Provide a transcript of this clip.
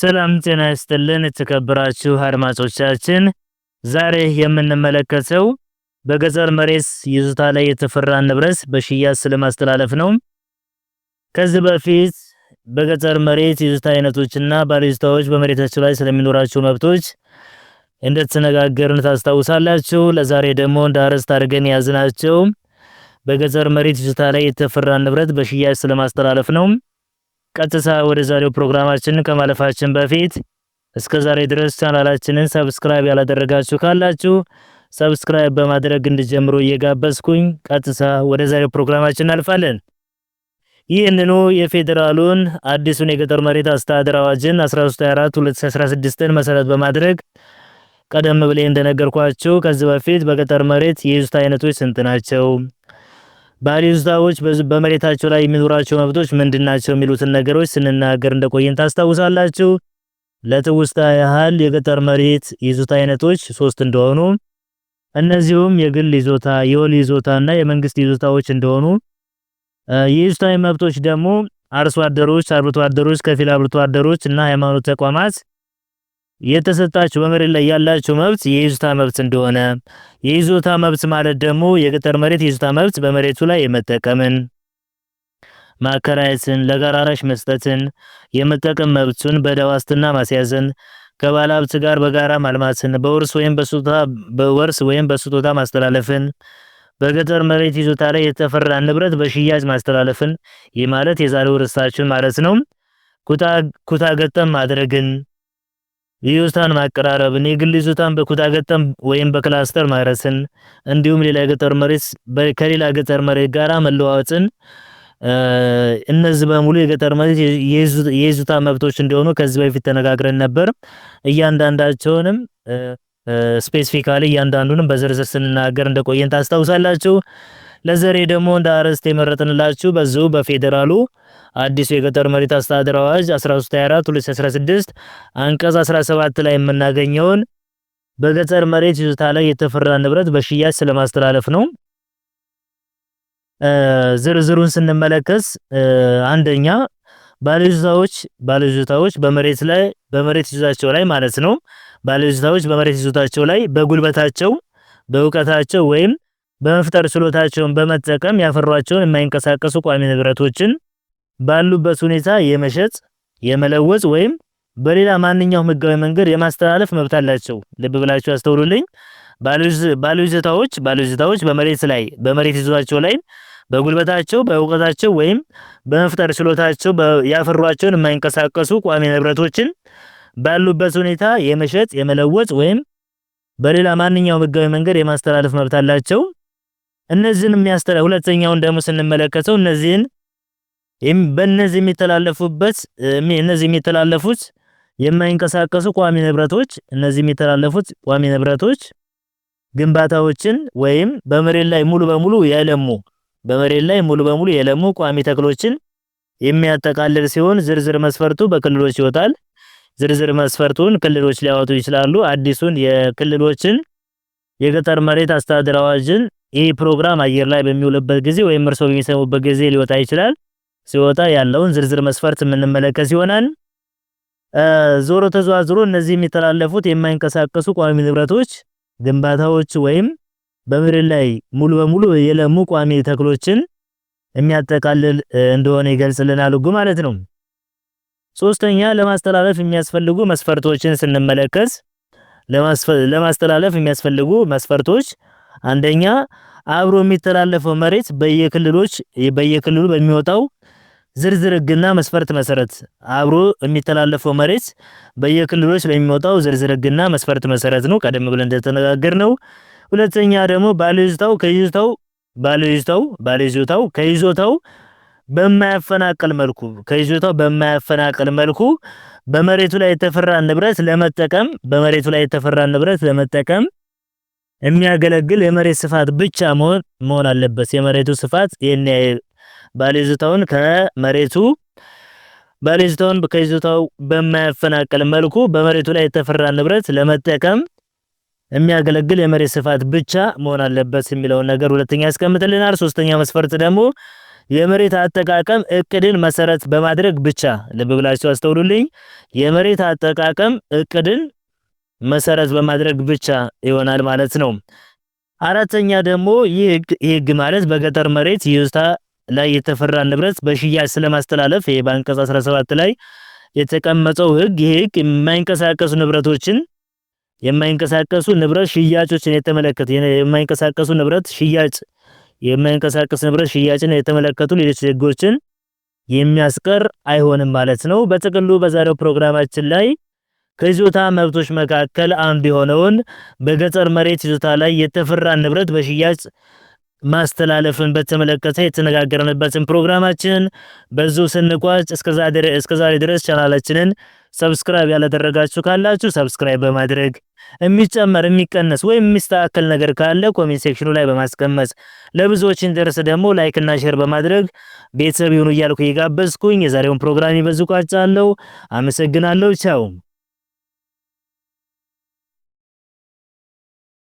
ሰላም ጤና ይስጥልን የተከበራችሁ አድማጮቻችን፣ ዛሬ የምንመለከተው በገጠር መሬት ይዞታ ላይ የተፈራን ንብረት በሽያጭ ስለማስተላለፍ ነው። ከዚህ በፊት በገጠር መሬት ይዞታ አይነቶችና ባለይዞታዎች በመሬታቸው ላይ ስለሚኖራቸው መብቶች እንደተነጋገርን ታስታውሳላችሁ። ለዛሬ ደግሞ እንደ አርዕስት አድርገን የያዝናቸው በገጠር መሬት ይዞታ ላይ የተፈራን ንብረት በሽያጭ ስለማስተላለፍ ነው። ቀጥታ ወደ ዛሬው ፕሮግራማችን ከማለፋችን በፊት እስከ ዛሬ ድረስ ቻናላችንን ሰብስክራይብ ያላደረጋችሁ ካላችሁ ሰብስክራይብ በማድረግ እንድጀምሩ እየጋበዝኩኝ ቀጥታ ወደ ዛሬው ፕሮግራማችን እናልፋለን። ይህንኑ የፌዴራሉን አዲሱን የገጠር መሬት አስተዳደር አዋጅን 1324/2016ን መሰረት በማድረግ ቀደም ብሌ እንደነገርኳችሁ ከዚህ በፊት በገጠር መሬት የይዞታ አይነቶች ስንት ናቸው? ባሪስታዎች በመሬታቸው ላይ የሚኖራቸው መብቶች ምንድናቸው የሚሉትን ነገሮች ስንናገር እንደቆየን ታስታውሳላችሁ። ለትውስታ ያህል የገጠር መሬት ይዞታ አይነቶች ሶስት እንደሆኑ እነዚሁም የግል ይዞታ፣ የወል ይዞታ እና የመንግስት ይዞታዎች እንደሆኑ የይዞታዊ መብቶች ደግሞ አርሶ አደሮች፣ አርብቶ አደሮች፣ ከፊል አርብቶ አደሮች እና ሃይማኖት ተቋማት የተሰጣችሁ በመሬት ላይ ያላችሁ መብት የይዞታ መብት እንደሆነ የይዞታ መብት ማለት ደግሞ የገጠር መሬት የይዞታ መብት በመሬቱ ላይ የመጠቀምን ማከራየትን፣ ለጋራራሽ መስጠትን፣ የመጠቀም መብቱን በዕዳ ዋስትና ማስያዝን፣ ከባለ ሀብት ጋር በጋራ ማልማትን፣ በውርስ ወይም በስጦታ በወርስ ወይም በስጦታ ማስተላለፍን፣ በገጠር መሬት ይዞታ ላይ የተፈራ ንብረት በሽያጭ ማስተላለፍን፣ ይህ ማለት የዛሬው ማለት ነው። ኩታ ኩታ ገጠም ማድረግን ይዞታን ማቀራረብን፣ የግል ይዞታን በኩታ ገጠም ወይም በክላስተር ማረስን እንዲሁም ሌላ ገጠር መሬት ከሌላ ገጠር መሬት ጋራ መለዋወጥን እነዚህ በሙሉ የገጠር መሬት የይዞታ መብቶች እንደሆኑ ከዚህ በፊት ተነጋግረን ነበር። እያንዳንዳቸውንም ስፔሲፊካሊ እያንዳንዱንም በዝርዝር ስንናገር እንደቆየን ታስታውሳላችሁ። ለዛሬ ደግሞ እንደ አርዕስት የመረጥንላችሁ በዚሁ በፌዴራሉ አዲሱ የገጠር መሬት አስተዳደር አዋጅ 1324 2016 አንቀጽ 17 ላይ የምናገኘውን በገጠር መሬት ይዞታ ላይ የተፈራ ንብረት በሽያጭ ስለማስተላለፍ ነው። ዝርዝሩን ስንመለከት አንደኛ ባለይዞታዎች ባለይዞታዎች በመሬት ላይ በመሬት ይዞታቸው ላይ ማለት ነው ባለይዞታዎች በመሬት ይዞታቸው ላይ በጉልበታቸው በእውቀታቸው ወይም በመፍጠር ችሎታቸውን በመጠቀም ያፈሯቸውን የማይንቀሳቀሱ ቋሚ ንብረቶችን ባሉበት ሁኔታ የመሸጥ የመለወጥ ወይም በሌላ ማንኛውም ህጋዊ መንገድ የማስተላለፍ መብት አላቸው። ልብ ብላችሁ አስተውሉልኝ። ባለይዞታዎች ባለይዞታዎች በመሬት ላይ በመሬት ይዞታቸው ላይ በጉልበታቸው በእውቀታቸው ወይም በመፍጠር ችሎታቸው ያፈሯቸውን የማይንቀሳቀሱ ቋሚ ንብረቶችን ባሉበት ሁኔታ የመሸጥ የመለወጥ ወይም በሌላ ማንኛውም ህጋዊ መንገድ የማስተላለፍ መብት አላቸው። እነዚህን የሚያስተላ ሁለተኛውን ደግሞ ስንመለከተው እነዚህን በእነዚህ የሚተላለፉበት እነዚህ የሚተላለፉት የማይንቀሳቀሱ ቋሚ ንብረቶች እነዚህ የሚተላለፉት ቋሚ ንብረቶች ግንባታዎችን ወይም በመሬት ላይ ሙሉ በሙሉ የለሙ በመሬት ላይ ሙሉ በሙሉ የለሙ ቋሚ ተክሎችን የሚያጠቃልል ሲሆን ዝርዝር መስፈርቱ በክልሎች ይወጣል። ዝርዝር መስፈርቱን ክልሎች ሊያወጡ ይችላሉ። አዲሱን የክልሎችን የገጠር መሬት አስተዳደር አዋጅን ይህ ፕሮግራም አየር ላይ በሚውልበት ጊዜ ወይም እርስዎ በሚሰሙበት ጊዜ ሊወጣ ይችላል። ሲወጣ ያለውን ዝርዝር መስፈርት የምንመለከት ይሆናል። ዞሮ ተዘዋዝሮ እነዚህ የሚተላለፉት የማይንቀሳቀሱ ቋሚ ንብረቶች፣ ግንባታዎች ወይም በምድር ላይ ሙሉ በሙሉ የለሙ ቋሚ ተክሎችን የሚያጠቃልል እንደሆነ ይገልጽልናል ሕጉ ማለት ነው። ሶስተኛ ለማስተላለፍ የሚያስፈልጉ መስፈርቶችን ስንመለከት ለማስተላለፍ የሚያስፈልጉ መስፈርቶች አንደኛ አብሮ የሚተላለፈው መሬት በየክልሎች በየክልሉ በሚወጣው ዝርዝር ህግና መስፈርት መሰረት አብሮ የሚተላለፈው መሬት በየክልሎች ለሚወጣው ዝርዝር ህግና መስፈርት መሰረት ነው፣ ቀደም ብለን እንደተነጋገር ነው። ሁለተኛ ደግሞ ባለይዞታው ከይዞታው ባለይዞታው ባለይዞታው ከይዞታው በማያፈናቅል መልኩ ከይዞታው በማያፈናቅል መልኩ በመሬቱ ላይ የተፈራ ንብረት ለመጠቀም በመሬቱ ላይ የተፈራ ንብረት ለመጠቀም የሚያገለግል የመሬት ስፋት ብቻ መሆን መሆን አለበት። የመሬቱ ስፋት ይህን ባለይዞታውን ከመሬቱ ባለይዞታውን ከይዞታው በማያፈናቀል መልኩ በመሬቱ ላይ የተፈራ ንብረት ለመጠቀም የሚያገለግል የመሬት ስፋት ብቻ መሆን አለበት የሚለውን ነገር ሁለተኛ ያስቀምጥልናል። ሶስተኛ መስፈርት ደግሞ የመሬት አጠቃቀም እቅድን መሰረት በማድረግ ብቻ። ልብ ብላችሁ አስተውሉልኝ። የመሬት አጠቃቀም እቅድን መሰረት በማድረግ ብቻ ይሆናል ማለት ነው። አራተኛ ደግሞ ይህ ማለት በገጠር መሬት ይዞታ ላይ የተፈራ ንብረት በሽያጭ ስለማስተላለፍ ይሄ በአንቀጽ 17 ላይ የተቀመጠው ህግ ይህ ህግ የማይንቀሳቀሱ ንብረቶችን የማይንቀሳቀሱ ንብረት ሽያጮችን የተመለከተ የማይንቀሳቀሱ ንብረት ሽያጭ የማይንቀሳቀስ ንብረት ሽያጭን የተመለከቱ ሌሎች ህጎችን የሚያስቀር አይሆንም ማለት ነው። በጥቅሉ በዛሬው ፕሮግራማችን ላይ ከይዞታ መብቶች መካከል አንዱ የሆነውን በገጠር መሬት ይዞታ ላይ የተፈራ ንብረት በሽያጭ ማስተላለፍን በተመለከተ የተነጋገርንበትን ፕሮግራማችንን በዙ ስንቋጭ፣ እስከዛሬ ድረስ ቻናላችንን ሰብስክራይብ ያላደረጋችሁ ካላችሁ ሰብስክራይብ በማድረግ የሚጨመር የሚቀነስ ወይም የሚስተካከል ነገር ካለ ኮሜንት ሴክሽኑ ላይ በማስቀመጥ ለብዙዎች እንደርስ ደግሞ ላይክ እና ሼር በማድረግ ቤተሰብ ይሁኑ እያልኩ እየጋበዝኩኝ የዛሬውን ፕሮግራም ይበዙ ቋጫለሁ። አመሰግናለሁ። ቻው